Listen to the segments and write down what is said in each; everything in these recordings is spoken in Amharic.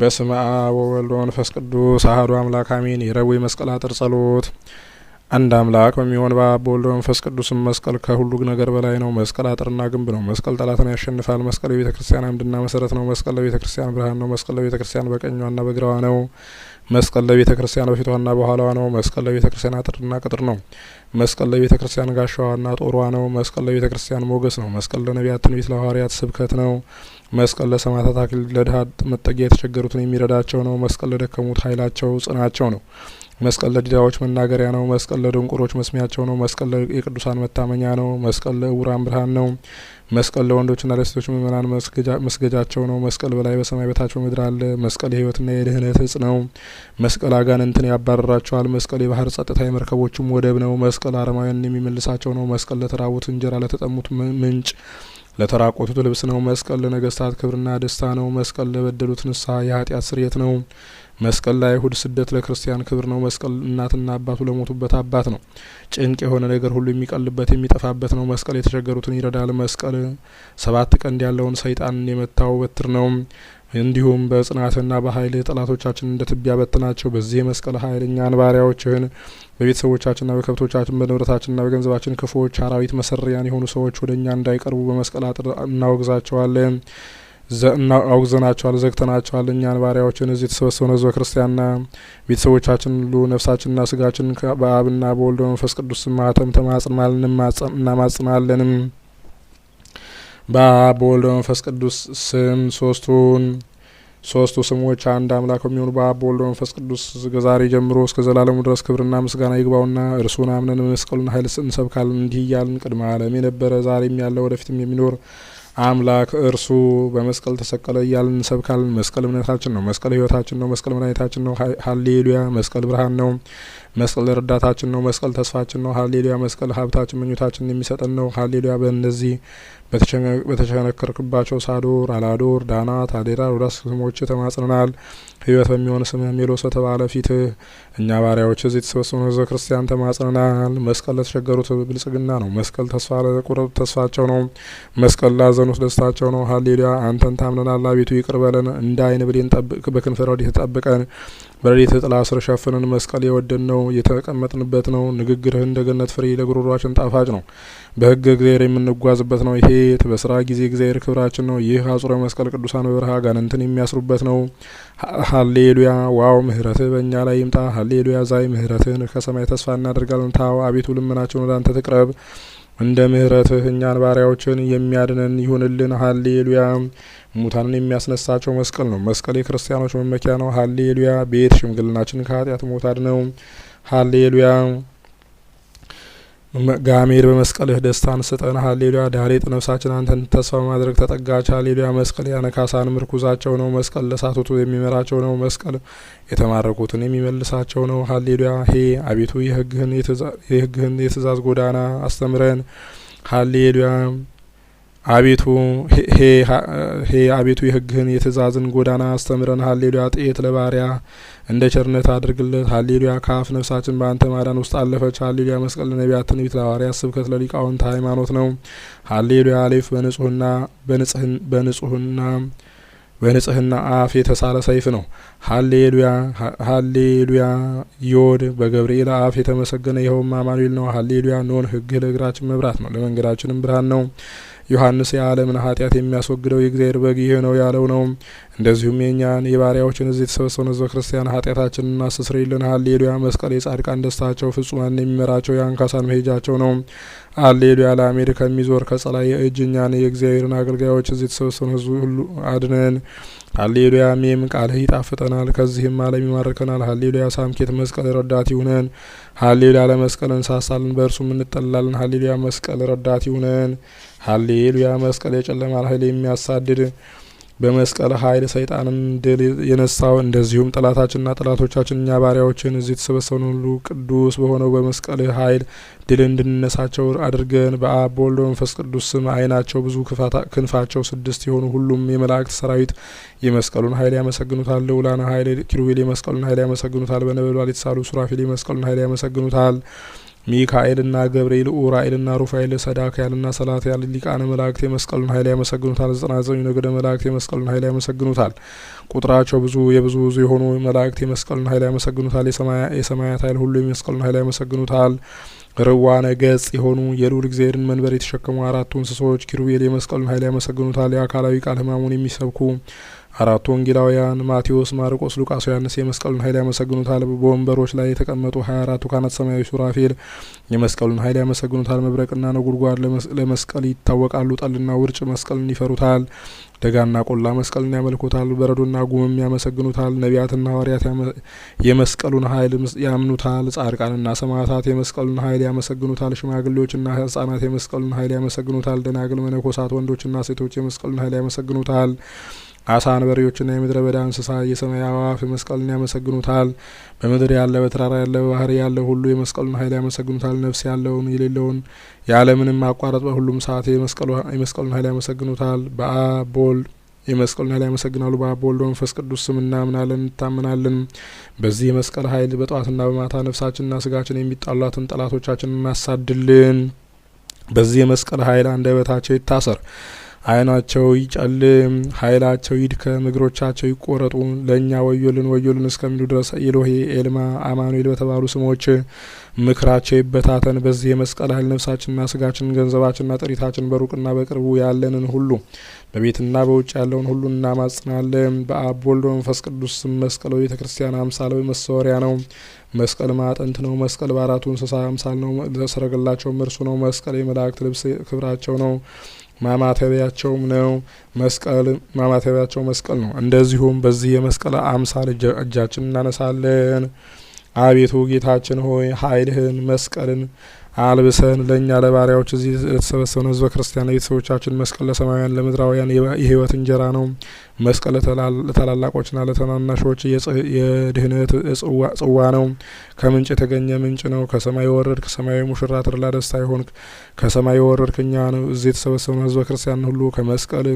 በስመ አብ ወወልድ ወመንፈስ ቅዱስ አህዶ አምላክ አሜን። የረቡዕ መስቀል አጥር ጸሎት። አንድ አምላክ በሚሆን በአብ ወልድ መንፈስ ቅዱስም መስቀል ከሁሉ ነገር በላይ ነው። መስቀል አጥርና ግንብ ነው። መስቀል ጠላትን ያሸንፋል። መስቀል የቤተ ክርስቲያን አምድና መሰረት ነው። መስቀል ለቤተ ክርስቲያን ብርሃን ነው። መስቀል ለቤተ ክርስቲያን በቀኟና በግራዋ ነው። መስቀል ለቤተ ክርስቲያን በፊቷና በኋላዋ ነው። መስቀል ለቤተ ክርስቲያን አጥርና ቅጥር ነው። መስቀል ለቤተ ክርስቲያን ጋሻዋና ጦሯ ነው። መስቀል ለቤተ ክርስቲያን ሞገስ ነው። መስቀል ለነቢያት ትንቢት፣ ለሐዋርያት ስብከት ነው። መስቀል ለሰማዕታት አክሊል፣ ለድሃ መጠጊያ፣ የተቸገሩትን የሚረዳቸው ነው። መስቀል ለደከሙት ኃይላቸው ጽናቸው ነው። መስቀል ለዲዳዎች መናገሪያ ነው። መስቀል ለድንቁሮች መስሚያቸው ነው። መስቀል የቅዱሳን መታመኛ ነው። መስቀል ለእውራን ብርሃን ነው። መስቀል ለወንዶችና ለሴቶች ምእመናን መስገጃቸው ነው። መስቀል በላይ በሰማይ በታች በምድር አለ። መስቀል የህይወትና የድህነት እጽ ነው። መስቀል አጋንንትን ያባረራቸዋል። መስቀል የባህር ጸጥታ የመርከቦችም ወደብ ነው። መስቀል አረማውያን የሚመልሳቸው ነው። መስቀል ለተራቡት እንጀራ፣ ለተጠሙት ምንጭ ለተራቆቱት ልብስ ነው። መስቀል ለነገስታት ክብርና ደስታ ነው። መስቀል ለበደሉት ንስሐ የኃጢአት ስርየት ነው። መስቀል ለአይሁድ ስደት ለክርስቲያን ክብር ነው። መስቀል እናትና አባቱ ለሞቱበት አባት ነው። ጭንቅ የሆነ ነገር ሁሉ የሚቀልበት የሚጠፋበት ነው። መስቀል የተቸገሩትን ይረዳል። መስቀል ሰባት ቀንድ ያለውን ሰይጣንን የመታው በትር ነው። እንዲሁም በጽናትና በኃይል ጠላቶቻችን እንደ ትቢያ በትናቸው። በዚህ የመስቀል ኃይል እኛን ባሪያዎችህን በቤተሰቦቻችንና በከብቶቻችን በንብረታችንና በገንዘባችን ክፉዎች አራዊት መሰሪያን የሆኑ ሰዎች ወደ እኛ እንዳይቀርቡ በመስቀል አጥር እናወግዛቸዋለን። አውግዘናቸዋል፣ ዘግተናቸዋል። እኛን ባሪያዎችን እዚህ የተሰበሰበውን ህዝበ ክርስቲያንና ቤተሰቦቻችን ሁሉ ነፍሳችንና ስጋችን በአብና በወልዶ መንፈስ ቅዱስ ማህተም ተማጽናል እናማጽናለንም። በአብ በወልዶ መንፈስ ቅዱስ ስም ሶስቱን ሶስቱ ስሞች አንድ አምላክ የሚሆኑ በአብ በወልዶ መንፈስ ቅዱስ ከዛሬ ጀምሮ እስከ ዘላለሙ ድረስ ክብርና ምስጋና ይግባውና እርሱን አምነን መስቀሉን ኃይል እንሰብካለን። እንዲህ እያልን ቅድመ ዓለም የነበረ ዛሬም ያለ ወደፊትም የሚኖር አምላክ እርሱ በመስቀል ተሰቀለ እያልን እንሰብካለን። መስቀል እምነታችን ነው። መስቀል ህይወታችን ነው። መስቀል መድኃኒታችን ነው። ሀሌሉያ። መስቀል ብርሃን ነው። መስቀል ረዳታችን ነው። መስቀል ተስፋችን ነው። ሀሌሉያ። መስቀል ሀብታችን፣ ምኞታችን የሚሰጠን ነው። ሀሌሉያ። በእነዚህ በተቸነከርክባቸው ሳዶር፣ አላዶር፣ ዳናት፣ አዴራ ወደ ስሞች ተማጽነናል። ህይወት በሚሆን ስምህ ሜሎስ በተባለ ፊትህ እኛ ባሪያዎች እዚህ የተሰበሰቡ ሕዝበ ክርስቲያን ተማጽነናል። መስቀል ለተቸገሩት ብልጽግና ነው። መስቀል ተስፋ ለቁረብ ተስፋቸው ነው። መስቀል ላዘኑት ደስታቸው ነው። ሀሌሉያ አንተን ታምነናል። አቤቱ ይቅር በለን። እንደ አይን ብሌን በክንፈ ረድኤትህ ጠብቀን። በሌሊት ጥላ ስር ሸፍነን መስቀል የወደድ ነው የተቀመጥንበት ነው። ንግግርህ እንደ ገነት ፍሬ ለጉሮሯችን ጣፋጭ ነው። በህግ እግዚአብሔር የምንጓዝበት ነው። ይሄ በስራ ጊዜ እግዚአብሔር ክብራችን ነው። ይህ አጹረ መስቀል ቅዱሳን በበረሃ ጋንንትን የሚያስሩበት ነው። ሀሌሉያ ዋው ምህረትህ በእኛ ላይ ይምጣ። ሀሌሉያ ዛይ ምህረትህን ከሰማይ ተስፋ እናደርጋለን። ታው አቤቱ ልመናችን ወደ አንተ ትቅረብ። እንደ ምሕረትህ እኛን ባሪያዎችን የሚያድነን ይሁንልን። ሀሌሉያ ሙታንን የሚያስነሳቸው መስቀል ነው። መስቀል የክርስቲያኖች መመኪያ ነው። ሀሌሉያ። ቤት ሽምግልናችን ከኃጢአት ሞታድ ነው። ሀሌሉያ። ጋሜር በመስቀልህ ደስታን ስጠን ሀሌሉያ። ዳሬጥ ነፍሳችን አንተን ተስፋ በማድረግ ተጠጋች ሀሌሉያ። መስቀል ያነካሳን ምርኩዛቸው ነው። መስቀል ለሳቱቱ የሚመራቸው ነው። መስቀል የተማረኩትን የሚመልሳቸው ነው። ሀሌሉያ። ሄ አቤቱ የህግህን የትእዛዝ ጎዳና አስተምረን ሀሌሉያ። አቤቱ ሄ አቤቱ የህግህን የትእዛዝን ጎዳና አስተምረን። ሀሌሉያ ጤት ለባሪያ እንደ ቸርነት አድርግለት። ሀሌሉያ ከአፍ ነፍሳችን በአንተ ማዳን ውስጥ አለፈች። ሀሌሉያ መስቀል ለነቢያት ትንቢት፣ ለሐዋርያት ስብከት፣ ለሊቃውንት ሃይማኖት ነው። ሀሌሉያ አሌፍ በንጹህና በንጹህና በንጽህና አፍ የተሳለ ሰይፍ ነው። ሀሌሉያ ሀሌሉያ ዮድ በገብርኤል አፍ የተመሰገነ ይኸውም አማኑኤል ነው። ሀሌሉያ ኖን ህግህ ለእግራችን መብራት ነው፣ ለመንገዳችንም ብርሃን ነው። ዮሐንስ የዓለምን ኃጢአት የሚያስወግደው የእግዚአብሔር በግ ይሄ ነው ያለው ነው። እንደዚሁም የእኛን የባሪያዎችን እዚህ የተሰበሰበውን ህዝበ ክርስቲያን ኃጢአታችንና ስስር ይልንሃል። ሌሉያ መስቀል የጻድቃን ደስታቸው ፍጹማን የሚመራቸው የአንካሳን መሄጃቸው ነው። አሌሉያ ለአሜሪካ የሚዞር ከጸላይ እጅ የእግዚአብሔርን አገልጋዮች እዚህ የተሰበሰብን ሕዝብ ሁሉ አድነን። ሀሌሉያ ሜም ቃልህ ይጣፍጠናል፣ ከዚህም ዓለም ይማርከናል። ሀሌሉያ ሳምኬት መስቀል ረዳት ይሁነን። ሀሌሉያ ለመስቀል እንሳሳለን፣ በእርሱም እንጠላለን። ሀሌሉያ መስቀል ረዳት ይሁነን። ሀሌሉያ መስቀል የጨለማን ኃይል የሚያሳድድ በመስቀል ኃይል ሰይጣንን ድል የነሳው እንደዚሁም ጠላታችንና ጠላቶቻችን እኛ ባሪያዎችን እዚህ የተሰበሰብን ሁሉ ቅዱስ በሆነው በመስቀል ኃይል ድል እንድንነሳቸው አድርገን በአብ በወልድ በመንፈስ ቅዱስ ስም ዓይናቸው ብዙ ክንፋቸው ስድስት የሆኑ ሁሉም የመላእክት ሰራዊት የመስቀሉን ኃይል ያመሰግኑታል። ልዑላን ኃይል ኪሩቤል የመስቀሉን ኃይል ያመሰግኑታል። በነበልባል የተሳሉ ሱራፊል የመስቀሉን ኃይል ያመሰግኑታል። ሚካኤልና ገብርኤል ኡራኤልና ሩፋኤል ሰዳክያልና ሰላትያል ሊቃነ መላእክት የመስቀሉን ኃይል ያመሰግኑታል። ዘጠና ዘጠኙ ነገደ መላእክት የመስቀሉን ኃይል ያመሰግኑታል። ቁጥራቸው ብዙ የብዙ ብዙ የሆኑ መላእክት የመስቀሉን ኃይል ያመሰግኑታል። የሰማያት ኃይል ሁሉ የመስቀሉን ኃይል ያመሰግኑታል። ርዋነ ገጽ የሆኑ የልዑል እግዚአብሔርን መንበር የተሸከሙ አራቱ እንስሶች ኪሩቤል የመስቀሉን ኃይል ያመሰግኑታል። የአካላዊ ቃል ሕማሙን የሚሰብኩ አራቱ ወንጌላውያን ማቴዎስ፣ ማርቆስ፣ ሉቃስ፣ ዮሐንስ የመስቀሉን ኃይል ያመሰግኑታል። በወንበሮች ላይ የተቀመጡ ሀያ አራቱ ካህናት ሰማያዊ ሱራፌል የመስቀሉን ኃይል ያመሰግኑታል። መብረቅና ነጉርጓድ ለመስቀል ይታወቃሉ። ጠልና ውርጭ መስቀልን ይፈሩታል። ደጋና ቆላ መስቀልን ያመልኩታል። በረዶና ጉምም ያመሰግኑታል። ነቢያትና ሐዋርያት የመስቀሉን ኃይል ያምኑታል። ጻድቃንና ሰማዕታት የመስቀሉን ኃይል ያመሰግኑታል። ሽማግሌዎችና ሕጻናት የመስቀሉን ኃይል ያመሰግኑታል። ደናግል፣ መነኮሳት፣ ወንዶችና ሴቶች የመስቀሉን ኃይል ያመሰግኑታል። አሳ አንበሪዎችና የምድረ በዳ እንስሳ የሰማይ አዋፍ መስቀልን ያመሰግኑታል። በምድር ያለ በተራራ ያለ በባህር ያለ ሁሉ የመስቀሉን ኃይል ያመሰግኑታል። ነፍስ ያለውን የሌለውን የአለምንም ማቋረጥ በሁሉም ሰዓት የመስቀሉን ኃይል ያመሰግኑታል። በአብ በወልድ የመስቀሉን ኃይል ያመሰግናሉ። በአብ ወልድ መንፈስ ቅዱስ ስም እናምናለን እንታመናለን። በዚህ የመስቀል ኃይል በጠዋትና በማታ ነፍሳችንና ስጋችን የሚጣሏትን ጠላቶቻችን እናሳድልን። በዚህ የመስቀል ኃይል አንደበታቸው ይታሰር አይናቸው ይጨልም፣ ኃይላቸው ይድከም፣ እግሮቻቸው ይቆረጡ፣ ለእኛ ወዮልን ወዮልን እስከሚሉ ድረስ ኤሎሄ፣ ኤልማ፣ አማኑኤል በተባሉ ስሞች ምክራቸው ይበታተን። በዚህ የመስቀል ኃይል ነፍሳችንና ስጋችን ገንዘባችንና ጥሪታችን በሩቅና በቅርቡ ያለንን ሁሉ በቤትና በውጭ ያለውን ሁሉ እናማጽናለን። በአብ ወልድ መንፈስ ቅዱስ መስቀል በቤተ ክርስቲያን አምሳል መሰወሪያ ነው። መስቀል ማጠንት ነው። መስቀል በአራቱ እንስሳ አምሳል ነው። ሰረገላቸውም እርሱ ነው። መስቀል የመላእክት ልብስ ክብራቸው ነው። ማማተቢያቸውም ነው። መስቀል ማማተቢያቸው መስቀል ነው። እንደዚሁም በዚህ የመስቀል አምሳል እጃችን እናነሳለን። አቤቱ ጌታችን ሆይ ኃይልህን መስቀልን አልብሰን ለእኛ ለባሪያዎች እዚህ ለተሰበሰበ ህዝበ ክርስቲያን ለቤተሰቦቻችን መስቀል ለሰማያውያን ለምድራውያን የህይወት እንጀራ ነው። መስቀል ለታላላቆችና ለተናናሾች የድህነት ጽዋ ነው። ከምንጭ የተገኘ ምንጭ ነው። ከሰማይ የወረድክ ሰማያዊ ሙሽራ ትርላ ደስታ ይሆንክ ከሰማይ የወረድክ እኛ ነው። እዚህ የተሰበሰበ ህዝበ ክርስቲያን ሁሉ ከመስቀል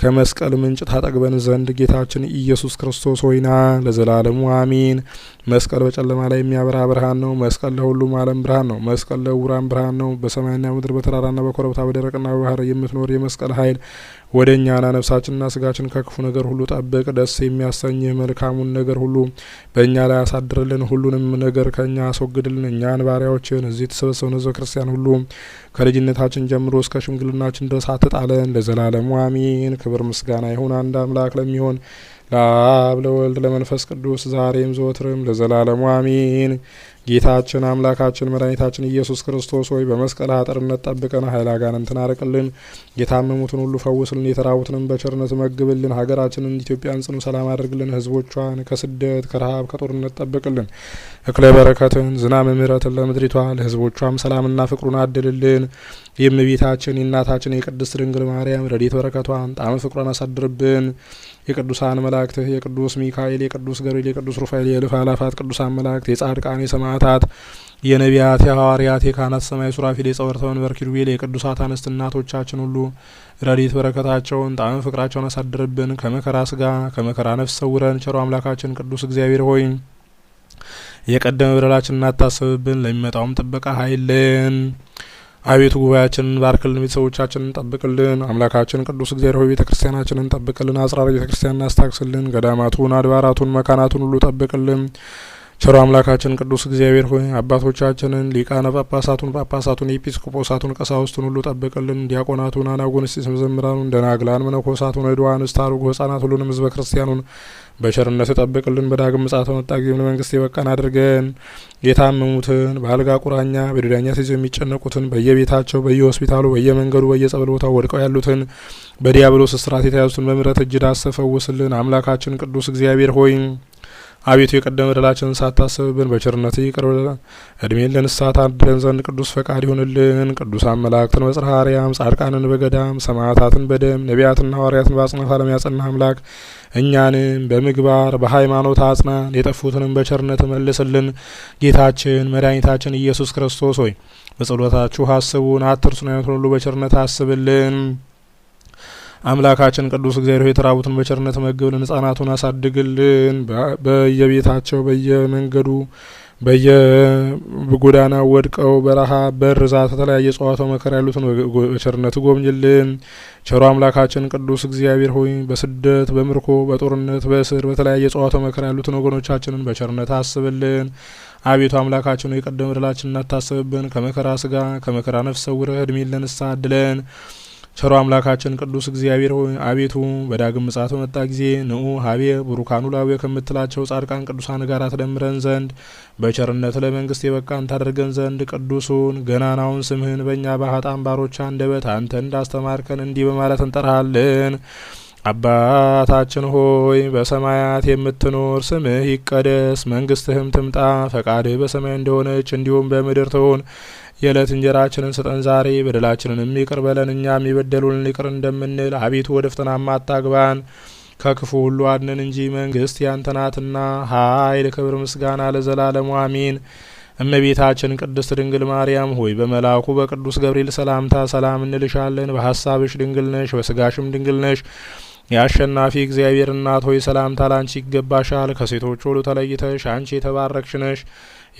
ከመስቀል ምንጭ ታጠግበን ዘንድ ጌታችን ኢየሱስ ክርስቶስ ሆይና ለዘላለሙ አሚን። መስቀል በጨለማ ላይ የሚያበራ ብርሃን ነው። መስቀል ለሁሉም ዓለም ብርሃን ነው። መስቀል ለውራን ብርሃን ነው። በሰማይና ምድር በተራራና በኮረብታ በደረቅና በባህር የምትኖር የመስቀል ኃይል ወደ ና ነፍሳችንና ስጋችን ከክፉ ነገር ሁሉ ጠብቅ። ደስ የሚያሰኝህ መልካሙን ነገር ሁሉ በእኛ ላይ ያሳድርልን። ሁሉንም ነገር ከእኛ አስወግድልን። እኛን ባሪያዎችን እዚህ የተሰበሰበውን ህዝበ ክርስቲያን ሁሉ ከልጅነታችን ጀምሮ እስከ ሽምግልናችን ድረስ አትጣለን። ለዘላለሙ አሚን። ክብር ምስጋና ይሁን አንድ አምላክ ለሚሆን ለአብ ለወልድ ለመንፈስ ቅዱስ ዛሬም ዘወትርም ለዘላለሙ አሚን። ጌታችን አምላካችን መድኃኒታችን ኢየሱስ ክርስቶስ ሆይ በመስቀል አጥርነት ጠብቀን ኃይል አጋንንትን አርቅልን፣ የታመሙትን ሁሉ ፈውስልን፣ የተራቡትንም በቸርነት መግብልን፣ ሀገራችንን ኢትዮጵያን ጽኑ ሰላም አድርግልን፣ ህዝቦቿን ከስደት ከረሃብ ከጦርነት ጠብቅልን፣ እክለ በረከትን ዝናብ ምሕረትን ለምድሪቷ ለህዝቦቿም ሰላምና ፍቅሩን አድልልን። የእመቤታችን የእናታችን የቅድስት ድንግል ማርያም ረድኤት በረከቷን ጣዕመ ፍቅሯን አሳድርብን። የቅዱሳን መላእክትህ የቅዱስ ሚካኤል የቅዱስ ገብርኤል የቅዱስ ሩፋኤል የእልፍ አእላፋት ቅዱሳን መላእክት የጻድቃን የሰማ ዓመታት የነቢያት የሐዋርያት የካህናት ሰማይ ሱራፊል የጸወርተ መንበር ኪሩቤል የቅዱሳት አንስት እናቶቻችን ሁሉ ረዲት በረከታቸውን ጣዕም ፍቅራቸውን አሳድርብን። ከመከራ ስጋ ከመከራ ነፍስ ሰውረን። ቸሮ አምላካችን ቅዱስ እግዚአብሔር ሆይ የቀደመ በደላችን እናታሰብብን፣ ለሚመጣውም ጥበቃ ኃይልን አቤቱ ጉባኤያችንን ባርክልን፣ ቤተሰቦቻችንን ጠብቅልን። አምላካችን ቅዱስ እግዚአብሔር ሆይ ቤተ ክርስቲያናችንን ጠብቅልን፣ አጽራር ቤተ ክርስቲያንን አስታክስልን፣ ገዳማቱን አድባራቱን መካናቱን ሁሉ ጠብቅልን። ቸሮ አምላካችን ቅዱስ እግዚአብሔር ሆይ አባቶቻችንን ሊቃነ ጳጳሳቱን ጳጳሳቱን ኤጲስቆጶሳቱን ቀሳውስቱን ሁሉ ጠብቅልን። ዲያቆናቱን አናጉንስጢስ መዘምራኑን ደናግላን መነኮሳቱን ዕድዋን ስታሩጉ ህጻናት ሁሉንም ህዝበ ክርስቲያኑን በቸርነት ጠብቅልን። በዳግም ምጽአት መጣ ጊዜ ለመንግስት የበቃን አድርገን የታመሙትን በአልጋ ቁራኛ በዲዳኛ ሲዞ የሚጨነቁትን በየቤታቸው በየሆስፒታሉ በየመንገዱ በየጸበል ቦታው ወድቀው ያሉትን በዲያብሎስ እስራት የተያዙትን በምሕረት እጅ ዳስሰ ፈውስልን። አምላካችን ቅዱስ እግዚአብሔር ሆይ አቤቱ የቀደመ በደላችንን ሳታስብብን በቸርነት ይቅር በለን። እድሜን ለንስሐ ታድለን ዘንድ ቅዱስ ፈቃድ ይሁንልን። ቅዱሳን መላእክትን በጽርሐ አርያም፣ ጻድቃንን በገዳም፣ ሰማዕታትን በደም፣ ነቢያትና ሐዋርያትን በአጽናፈ ዓለም ያጸና አምላክ እኛንም በምግባር በሃይማኖት አጽናን፣ የጠፉትንም በቸርነት መልስልን። ጌታችን መድኃኒታችን ኢየሱስ ክርስቶስ ሆይ በጸሎታችሁ አስቡን፣ አትርሱን። አይነቱን ሁሉ በቸርነት አስብልን። አምላካችን ቅዱስ እግዚአብሔር የተራቡትን በቸርነት መግብልን፣ ህጻናቱን አሳድግልን። በየቤታቸው በየመንገዱ በየጎዳና ወድቀው በረሃ በርዛት የተለያየ ጸዋቶ መከር ያሉትን በቸርነት ጎብኝልን። ቸሮ አምላካችን ቅዱስ እግዚአብሔር ሆይ በስደት በምርኮ በጦርነት በእስር በተለያየ ጸዋቶ መከራ ያሉትን ወገኖቻችንን በቸርነት አስብልን። አቤቱ አምላካችን የቀደመ በደላችን እናታስብብን፣ ከመከራ ስጋ ከመከራ ነፍስ ሰውረህ እድሜን ለንሳ አድለን። ቸሮ አምላካችን ቅዱስ እግዚአብሔር ሆይ አቤቱ በዳግም ምጻት በመጣ ጊዜ ንዑ ሀቤ ቡሩካኑ ላዌ ከምትላቸው ጻድቃን ቅዱሳን ጋር ትደምረን ዘንድ በቸርነት ለመንግስት የበቃን ታደርገን ዘንድ ቅዱሱን ገናናውን ስምህን በእኛ በሀጣን ባሮች አንደበት አንተ እንዳስተማርከን እንዲህ በማለት እንጠራሃለን። አባታችን ሆይ በሰማያት የምትኖር፣ ስምህ ይቀደስ፣ መንግስትህም ትምጣ፣ ፈቃድህ በሰማይ እንደሆነች እንዲሁም በምድር ትሆን የዕለት እንጀራችንን ስጠን ዛሬ፣ በደላችንን ይቅር በለን እኛም የበደሉንን ይቅር እንደምንል። አቤቱ ወደ ፈተናም አታግባን ከክፉ ሁሉ አድነን እንጂ መንግስት ያንተ ናትና፣ ኃይል፣ ክብር፣ ምስጋና ለዘላለሙ አሜን። እመቤታችን ቅድስት ድንግል ማርያም ሆይ በመልአኩ በቅዱስ ገብርኤል ሰላምታ ሰላም እንልሻለን። በሀሳብሽ ድንግል ነሽ፣ በስጋሽም ድንግል ነሽ። የአሸናፊ እግዚአብሔር እናት ሆይ ሰላምታ ላንቺ ይገባሻል። ከሴቶች ሁሉ ተለይተሽ አንቺ የተባረክሽ ነሽ።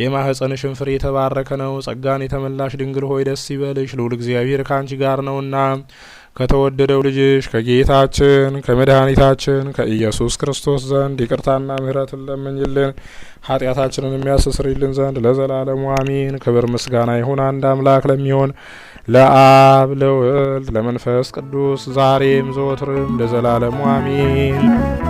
የማኅፀንሽን ፍሬ የተባረከ ነው። ጸጋን የተመላሽ ድንግል ሆይ ደስ ይበልሽ፣ ልዑል እግዚአብሔር ካንቺ ጋር ነውና ከተወደደው ልጅሽ ከጌታችን ከመድኃኒታችን ከኢየሱስ ክርስቶስ ዘንድ ይቅርታና ምሕረትን ለምኝልን ኃጢአታችንን የሚያስስርልን ዘንድ ለዘላለሙ አሚን። ክብር ምስጋና ይሁን አንድ አምላክ ለሚሆን ለአብ ለወልድ ለመንፈስ ቅዱስ ዛሬም ዘወትርም ለዘላለሙ አሚን።